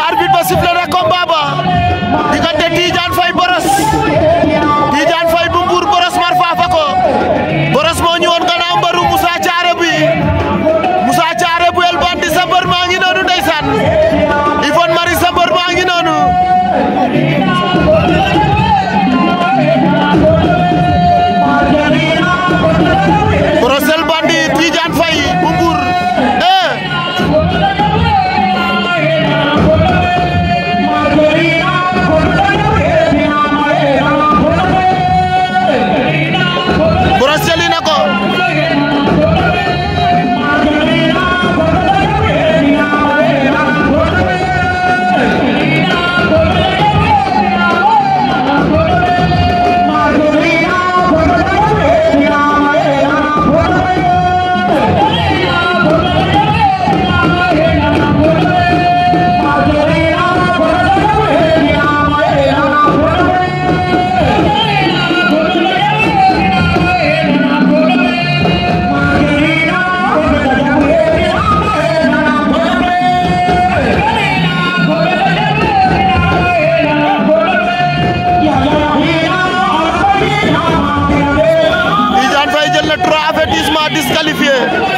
arbitre ba sifflé na combat ba diggante le 3 my disqualifiés.